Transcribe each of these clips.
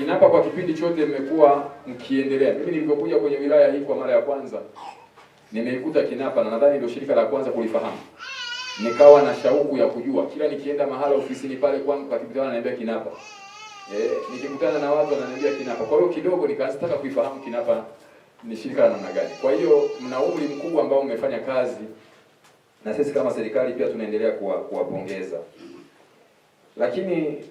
Kinapa kwa kipindi chote mmekuwa mkiendelea. Mimi nilipokuja kwenye wilaya hii kwa mara ya kwanza nimeikuta Kinapa na nadhani ndio shirika la kwanza kulifahamu. Nikawa na shauku ya kujua. Kila nikienda mahala ofisini pale kwangu kwa kipindi ananiambia Kinapa. Eh, nikikutana na watu wananiambia Kinapa. Kwa hiyo kidogo nikaanza kuifahamu Kinapa ni shirika la namna gani. Kwa hiyo mna umri mkubwa ambao umefanya kazi na sisi kama serikali pia tunaendelea kuwapongeza kuwa lakini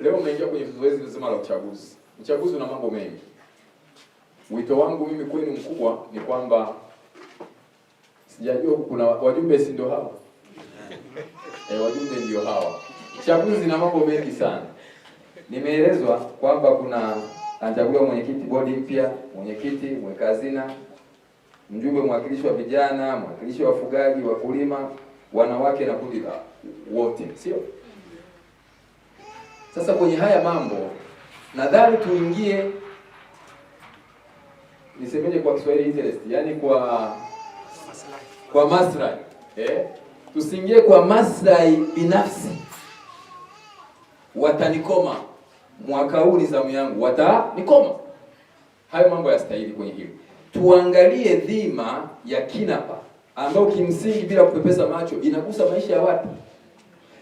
Leo umeingia kwenye zoezi zima la uchaguzi. Uchaguzi una mambo mengi. Wito wangu mimi kwenu mkubwa ni kwamba sijajua kuna wajumbe, si ndio hawa? E, wajumbe ndio hawa. Uchaguzi na mambo mengi sana. Nimeelezwa kwamba kuna anachagua mwenyekiti bodi mpya, mwenyekiti mweka hazina, mjumbe mwakilishi wa vijana, mwakilishi wa wafugaji, wakulima, wanawake na kundi la wote, sio? Sasa kwenye haya mambo nadhani tuingie, nisemeje kwa Kiswahili, interest, yani kwa kwa maslahi eh? Tusiingie kwa maslahi binafsi. Watanikoma mwaka huu, ni zamu yangu, watanikoma. Hayo mambo yastahili kwenye hili. Tuangalie dhima ya KINAPA ambayo kimsingi, bila kupepesa macho, inagusa maisha ya watu,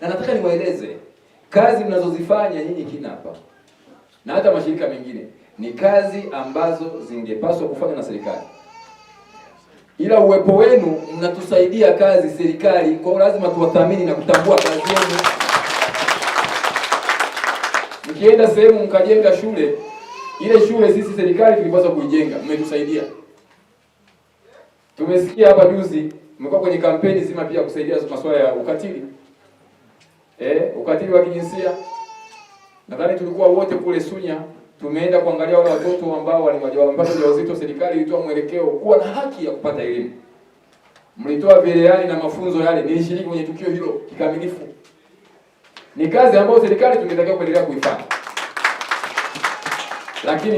na nataka niwaeleze kazi mnazozifanya nyinyi KINAPA na hata mashirika mengine ni kazi ambazo zingepaswa kufanywa na serikali, ila uwepo wenu mnatusaidia kazi serikali, kwa hiyo lazima tuwathamini na kutambua kazi yenu. Mkienda sehemu mkajenga shule, ile shule sisi serikali tulipaswa kuijenga, mmetusaidia. Tumesikia hapa juzi mmekuwa kwenye kampeni zima pia kusaidia masuala ya ukatili eh, ukatili wa kijinsia. Nadhani tulikuwa wote kule Sunya tumeenda kuangalia wale watoto ambao walipata ujauzito. Serikali ilitoa mwelekeo kuwa na haki ya kupata elimu, mlitoa vileani na mafunzo yale. Nilishiriki kwenye tukio hilo kikamilifu. Ni kazi ambayo serikali tungetakiwa kuendelea kuifanya, lakini